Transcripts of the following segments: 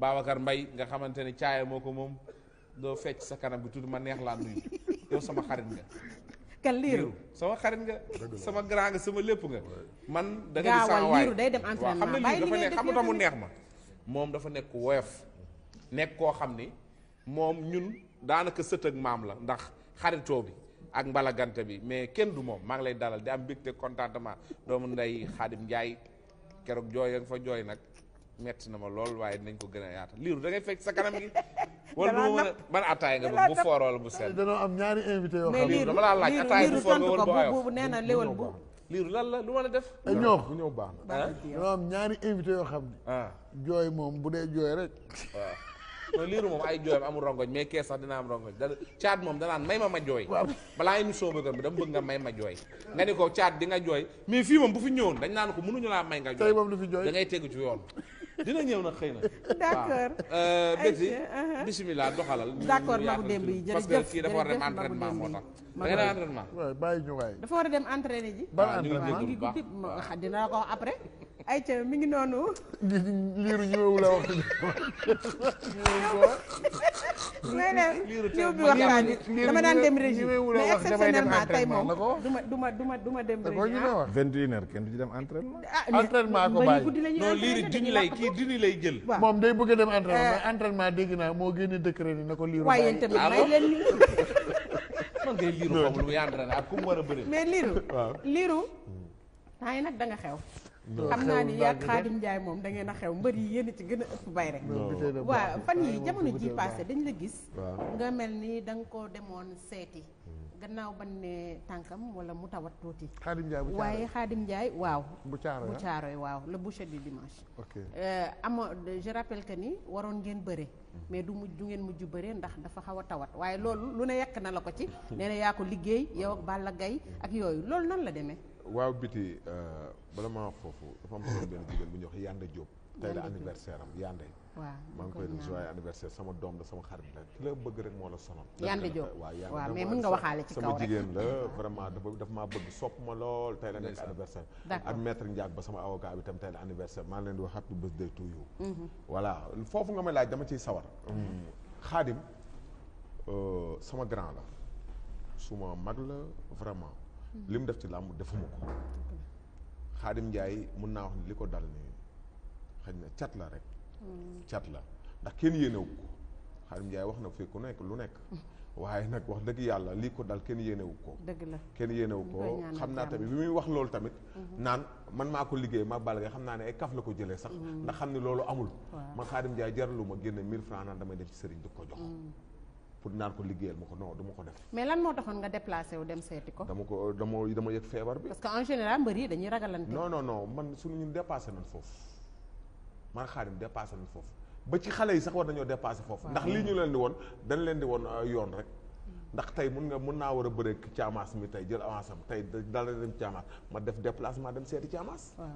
Babacar mbay nga xamante ne caaya moo ko moom doo fecc sa kanam bi tudd ma neex laa nuyu yow sama xarit nga kan liiru sama xarit nga sama grand nga sama lépp nga man da nga di sama waay dem entraînement xam nga dafa nekk xam nga mu neex ma moom dafa nekk woyof nekk koo xam ni moom ñun daanaka sët ak maam la ndax xaritoo bi ak mbalagante bi mais kenn du moom maa ngi lay dalal di am mbégte contentement doomu ndey Xaadim Njaay keroog jooy ya fa jooy nag metti na ma lool waaye dinañ ko gën a yaata liiru da ngay fekk sa kanam gi. wala du ma mën a ban ataay nga bëgg bu foor wala bu sedd. danoo am ñaari invité yoo xam ne dama laa laaj ataay bu foor nga lan la lu ma la def. Eh, ñoo bu baax na. Ah. Ah. danoo am ñaari invité yoo xam ne. Ah. jooy moom bu dee jooy rek. waaw non liiru moom ay jooyam amul rongoñ mais kee sax dina am rongoñ da caat moom danaan may ma ma jooy. balaa émission bi dama bëgg nga may ma jooy. nga ni ko caat di nga jooy mais fii moom bu fi ñëwoon dañ naan ko mënuñu laa may nga jooy. tey moom du fi jooy da ngay tegu ci yoon dina ñëw nag xëy na. d'accord euh, Betty uh-huh. bisimilah doxalal. d'accord magu démb yi jërëjëf parce que kii dafa war a dem entraînement moo tax. da nga dem entraînement. waaw dafa war a dem entraîné ji. ban ah, entraînement après. ayca mi ngi noonu. liiru ñëwewu la wax. may leen ñëw bi waxtaan bi dama daan dem régie mais exceptionnellement tey moom duma duma duma duma dem régie ah. du ci dem entraînement. Ah, entraînement ko bàyyi non liiru dini lay kii dini moom day bëgg dem entraînement eh. mais entraînement dégg naa moo génne décret ni na ko liiru. waaye tamit may leen liiru. man de muy entraîné ak ku war a bëri. mais liiru. waaw liiru. temps yi nag da nga xew. xam naa ni yaa Xaadim Njaay moom da ngeen a xew mbër yi yéen a ci gën a ëpp bay rek waaw fan yi jamono ji passé dañ la gis nga mel ni da nga ko demoon seeti hmm. gannaaw ban ne tànkam wala mu tawat tuuti waaye Xaadim Njaay waaw bu caaroy ah. waaw le boucher du dimanche euh, ama je rappelle que ni waroon ngeen bëre hmm. mais du mujj ngeen mujj bëre ndax dafa xaw a tawat waaye loolu lu ne yàq na la ko ci hmm. nee na yaa ko liggéey yow ak Balla Gaye ak yooyu loolu nan la demee waaw biti euh, bala maa wax foofu dafa am solo benn jigéen bu ñuy wax Yande Diop. tey la anniversaire am Yande. waaw maa ngi koy def joyeux anniversaire sama doom la sama xarit la ki bëgg rek moo la sonal. Yande Diop waaw mais mën nga waxaale sama jigéen la vraiment maa bëgg sopp ma lool tey la nekk ak maître Ndiaye ba sama avocat bi tam tey la anniversaire maa ngi leen di wax happy birthday to you. Mhm. voilà foofu nga may laaj dama ciy sawar. Xaadim mhm. euh, sama grand la. suma mag la vraiment. Mhm. li mu def ci làmb defuma ko. Xaadim Njaay mun naa wax ni li ko dal nii xëy na cat la rek hmm. chat la ndax kenn yéenewu ko Xaadim Njaay wax na fi ku nekk lu nekk waaye nag wax dëgg yàlla lii ko dal kenn yéenewu ko dëgg la kenn yéenewu ko xam naa tamit bi muy wax loolu tamit mm-hmm. naan man maa ko liggéey ma bal nga xam naa ne ay kaf la ko jëlee sax mm-hmm. ndax xam ne loolu amul man Xaadim Njaay jaralu ma génne 1000 francs naan damay dem ci sëriñ di ko jox mm. pour naan ko liggéeyal ma ko non dama ko def. mais lan moo taxoon nga déplacé wu dem seeti ko. dama ko dama dama yëg feebar bi. parce que en général mbër yi dañuy ragalante. non non non man suñu ñu dépassé nañ foofu man xaarim dépassé nañ foofu ba ci xale yi sax war nañoo dépassé foofu. ndax lii ñu leen di woon dañ leen di woon euh, yoon rek. ndax tey mun nga mun naa war a bëre caamaas mi tey jël avance am tey dal na dem caamaas ma def déplacement dem seeti caamaas. waaw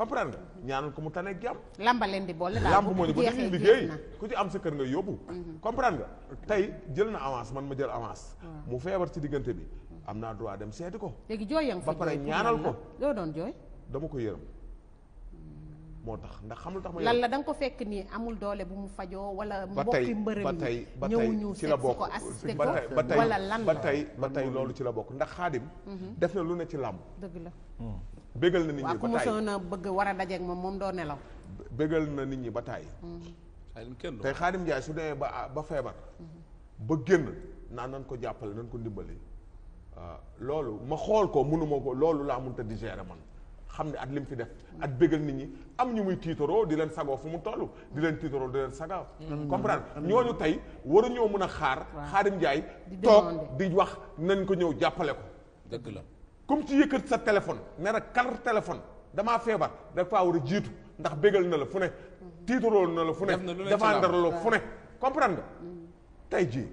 comprendre nga ñaanal ko mu tane ak jàmm. lamba leen di boole daal lamb moo ne bu dee liggéey ku ci am sa kër nga yóbbu. Mhm. comprendre nga tey jël na avance man ma jël avance. mu feebar ci diggante bi am naa droit dem seeti ko. léegi jooy ba pare ñaanal ko. loo doon jooy dama ko yërëm. moo tax ndax xam lu tax ma. lan la da nga ko fekk nii amul doole bu mu fajoo wala. mbokki mbërëm yi ñëwuñu seet si ko assisté ko wala lan la ba tey ba tey loolu ci la bokk ndax xaadim. Mhm. def na lu ne ci làmb. dëgg la. bégal na nit ñi ba taay bëgg war a dajeeg moom moom doo nelaw. bégal na nit ñi ba taay. tey mhm. xaadim Njaay su demee ba ba feebar. Mhm. ba génn naa nan ko jàppale nan ko ndimbali. loolu ma xool ko mënuma ko loolu laa mënut a digérer man. xam ne at lim fi def at bégal nit ñi am ñu muy tiitaroo di leen sagoo fu mu toll di leen tiitaroo di leen sagaaw comprendre ñooñu tey waruñoo mën a xaar Xaadim Njaay toog di wax nañ ko ñëw jàppale ko dëgg la comme ci yëkkat sa téléphone ne la carte téléphone damaa feebar dafa war a jiitu ndax bégal na la fu ne tiitaroo na la fu ne defandar la fu ne comprendre nga mm. tey jii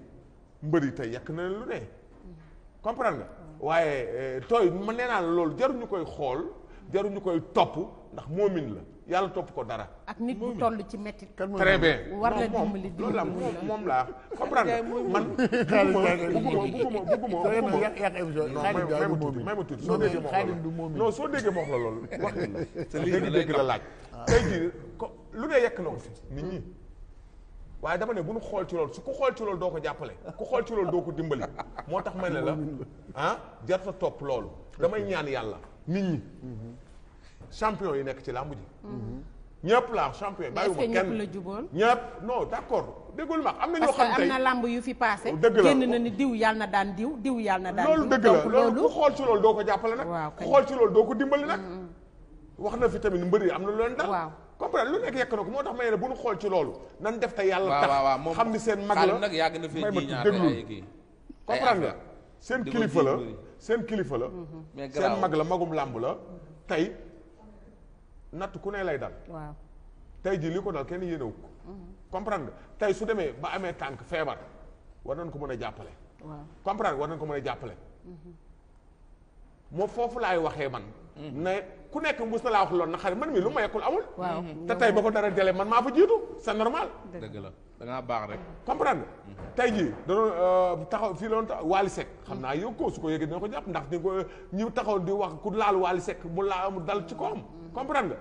mbër yi tey yàq na leen lu ne mm. comprendre nga mm. waaye eh, tooy man nee naa loolu jaruñu koy xool jaruñu koy topp ndax moomin la yàlla topp ko dara. ak nit bu toll ci métti. très bien war la dimbali loolu la moom laa comprendre man. bugguma bugguma bugguma non soo déggee ma wax la loolu wax la dégg-dégg la laaj. tey jii ko lu ne yekk na ko fi nit ñi. waaye dama ne bu ñu xool ci loolu su ku xool ci loolu doo ko jàppale ku xool ci loolu doo ko dimbali moo tax ma ne la ah, jar sa topp loolu damay ñaan yàlla nit ñi. champion yi nekk ci làmb ji. ñëpp la champion bàyyiwuma kenn est-ce que ñëpp la juboon ñëpp non d'accord déggul ma am na ñoo xam tey na làmb yu fi passé. dëgg la génn na ni diw yàlla na daan diw diw yàlla na daan diw. loolu dëgg la ci loolu doo ko jàppale nag. waaw ku xool ci loolu doo ko dimbali nag. wax na fi tamit mbër yi am na lu leen dal. waaw comprendre moo tax ma ne bu ñu xool ci loolu. nan def te yàlla tax xam ni seen mag la xaalis nag yàgg na fee ji ñaar ay kii comprendre nga eh, eh, seen kilifa la seen kilifa la. Mhm. seen mag la magum làmb la tey natt ku ne lay dal. waaw tey jii li ko dal kenn yéenewu ko. Mhm. comprendre nga tey su demee ba amee tànk feebar war nañ ko mën a jàppale. waaw comprendre war nañ ko mën a jàppale. Mhm. moo foofu lay waxee man. ne ku nekk mbuus na laa wax loolu na xarit man mi lu ma yekkul amul. Mm-hmm. te tay ba ko dara jëlee man maa fa jiitu c'est normal. dëgg la da ngaa baax rek. comprendre mm-hmm. tey jii da euh, taxaw fii loon taxaw Waly Seck xam naa yëg ko su ko yëgee dina ko jàpp ndax di ko ñi taxaw di wax ku laal Waly Seck mu laa mu dal ci koom mm-hmm. comprendre nga.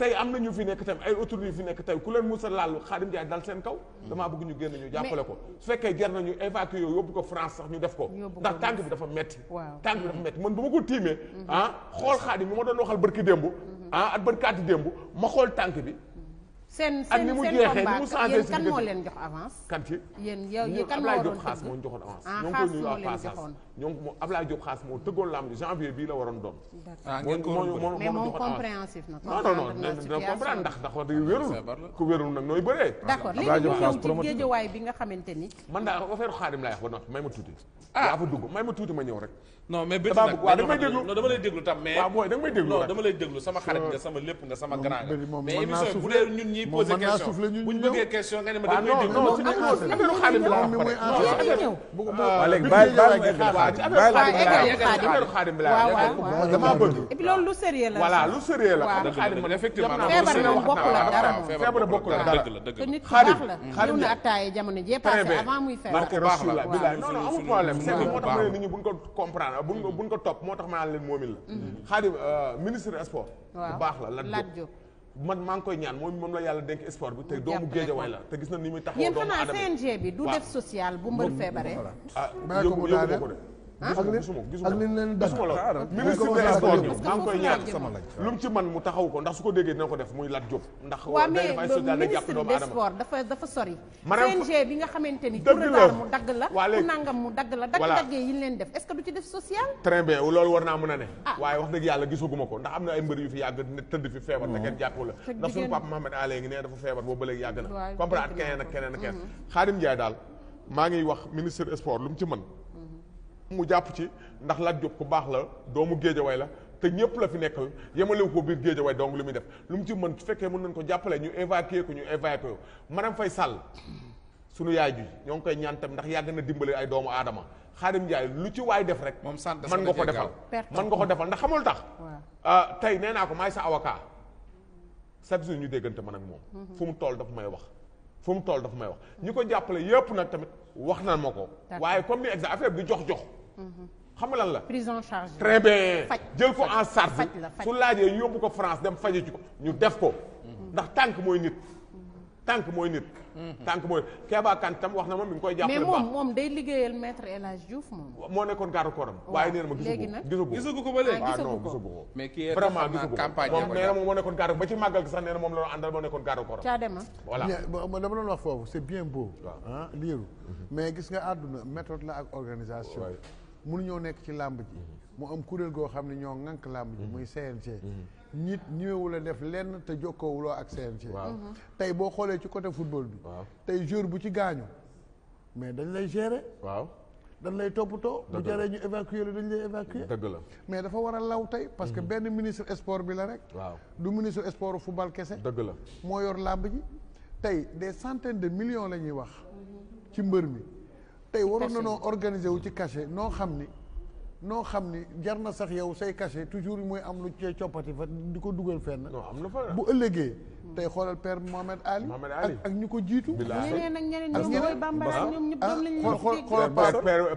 tey am na ñu fi nekk tamit ay autorités yu fi nekk tey ku leen musa laal Khadim Ndiaye dal seen kaw damaa bëgg ñu génn ñu jàppale ko su fekkee jar nañu évacuer yooyu yóbbu ko France sax ñu def ko ndax tànk bi dafa metti tànk bi dafa metti man bu ma ko tiimee mhm. ah xool Khadim bi ma doon waxal barki démb mhm. ah at barkaati démb ma xool tànk bi seen seen seen combat yéen kan moo leen jox avance. kan ci yéen yow yi kan moo waroon xaas moo ñu joxoon avance. ah xaas moo leen joxoon ñoo ngi ko Ablaye Diop xaas moo tëggoon lamb janvier bii la waroon doon. ah ngeen ko woon mais moom compréhensif na. comprendre na situation non non dina comprendre ndax ndax wax dëgg wérul. ku wérul nag nooy bëree. d'accord léegi ñu ñëw ci géejewaay bi nga xamante ni. man daa affaire xaadim laay wax ba noppi may ma tuuti. ah yaa fa dugg may ma tuuti ma ñëw rek. non mais bëtt nag waaw dama lay déglu non dama lay déglu tam mais waaw booy dama lay déglu non dama lay déglu sama xarit nga sama lépp nga sama grand nga mais émission bu dee ñun dañuy poser question bu ñu bëggee question nga ne ma da koy déglu. non non xaadim bi laa wax pare. léegi bàyyi bàyyi la xaadim bi laa wax dama bëgg. et puis loolu lu sérieux la. voilà lu sérieux la. waaw xaadim man effectivement. feebar na mu bokk la dara feebar na bokk la dara. te nit ku baax la ñëw na attaaye jamono jee passé avant muy feebar. marqué baax la bilaay non non amul problème c'est que moo tax ma ne nit ñi buñ ko comprendre buñ ko topp moo tax ma naan leen moomil la. xaadim ministre des sports. waaw bu baax la Lat Diop man maa ngi koy ñaan moom moom la yàlla denk espoir bi te doomu géejawaay la te gis na ni muy taxaw doomu adama yéen xanaa CNG bi du def social bu mbër feebaree ah, ah yëgu ma ko de ak li ak li leen def ministre des sports bi maa ngi koy ñaan sama laaj lu mu ci man mu taxaw ko ndax su ko déggee dina ko def muy Lat Diop ndax waaw mais ministre des sports dafa dafa sori CNG bi nga xamante ni ku retard mu dagg la ku nangam mu dagg la dagg daggee yi leen def est-ce que du ci def social très bien loolu war naa mën a ne ah. waaye wax dëgg yàlla gisaguma ko ndax am na ay mbër yu fi yàgg tëdd fi feebar te mm. kenn jàppu la ndax suñu papa Mohamed Alé ngi ne dafa feebar boobu ba léegi yàgg na comprendre keneen ak keneen ak mm-hmm. keneen Khadim Ndiaye daal maa ngi wax ministre des sports lu mu ci mën mu jàpp ci ndax Lat Diop ku baax la doomu Géejawaay la te ñëpp la fi nekkal yemalewu ko biir Géejawaay donc li muy def lu mu ci mën fekkee mën nañ ko jàppale ñu évacuer ko ñu évacuer ko Madame Faye Sall sunu yaay ji ñoo ngi koy ñaan tam ndax yàgg na dimbale ay doomu aadama Xaadim Njaay lu ci waay def rek. moom sant mën nga ko defal mën nga ko defal ndax xamul tax. Euh, tey nee naa ko maay sa avocat chaque jour ñu déggante man ak moom. Mhm. fu mu toll dafa may wax. mu toll dafa may wax ñi ko jàppale yëpp nag tamit wax na ma ko. waaye comme ni exa affaire bi jox jox. xam nga lan la prise en charge très bien jël ko en charge su laajee yóbbu ko France dem faje ci ko ñu def ko ndax tank mooy nit tànk mooy nit tànk mooy Kéba Kane tam wax na ma koy jàppale mais moom moom day liggéeyal maître El Hadj nekkoon garde corps am waaye nee na ma gisagu ko gisagu ko ba léegi ah, ah ko moom nee na moom moo nekkoon garde ba ci na moom la doon àndal moo nekkoon garde corps am ah. voilà dama mhm. mais gis nga àdduna méthode la ak organisation mënuñoo nekk ci làmb ji mu am kuréel goo xam ne ñoo ŋànk làmb ji muy CNG nit ñëwewul a def lenn te jokkoowuloo ak CNG mhm. tey boo xoolee ci côté football bi tey jour bu ci gaañu mais dañ lay gérer waaw dañ lay toppatoo bu jaree ñu évacuer la dañ lay évacuer dëgg la mais dafa war a law tey parce que mhm. benn ministre sport bi la rek waaw du ministre sport football kese dëgg la moo yor làmb ji tey des centaines de million la ñuy wax ci mbër mi tey waroon na noo organiser wu ci cachet noo xam ni noo xam ni jar na sax yow say cachet toujours mooy am lu cee coppati fa di ko dugal fenn. bu ëllëgee. tey xoolal père Mohamed Ali. ak ñu ko jiitu. ñeneen ak ñeneen ñoom mooy bambara ñoom ñëpp doon lañu. xool xool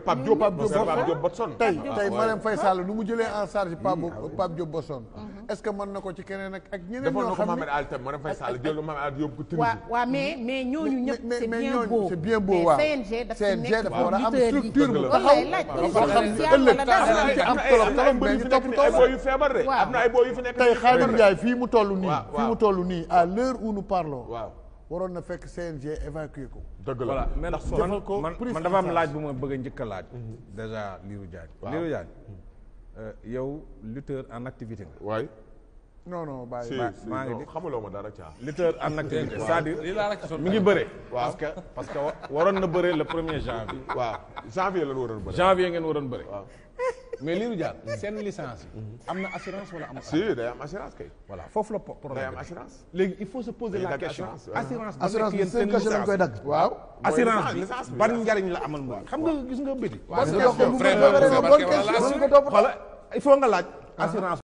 Pape Diop Pape Diop Bosson tey tey ah, Marème Faye Sall ah. nu mu jëlee en charge Pape ah, Pape Diop Bosson. Mm-hmm. est-ce que mën na ko ci keneen ak ñeneen ñoo xam ne defoon na ko waaw mais mais ñooñu ñëpp c'est bien beau c'est bien beau waaw CNG dafa war a am structure bu taxaw xam ne ëllëg fii mu toll nii fii mu toll nii à l'heure où nous parlons waroon na fekk CNG évacué ko dëgg la man dafa am laaj bi ma bëgg a njëkk laaj mhm. déjà Lirou Diagne Euh, yow lutteur en activité nga. waay. no non bàyyi maa ngi xamuloo ma dara caa. lutteur en activité c'est-à-dire li laa rek mi ngi bëre. waaw parce que parce que waroon na bëre le premier janvier. waaw janvier la ñu waroon bëre. janvier ngeen waroon bëre. waaw mais Lirou Diane seen licence yi. am na assurance wala amul. si day am assurance kay. voilà foofu la problème day am assurance. léegi il faut se poser la question assurance. bi seen cachet lañ koy dagg. waaw assurance bi ban njariñ la amal moom xam nga gis nga bëti. waaw il faut nga laaj ah. assurance.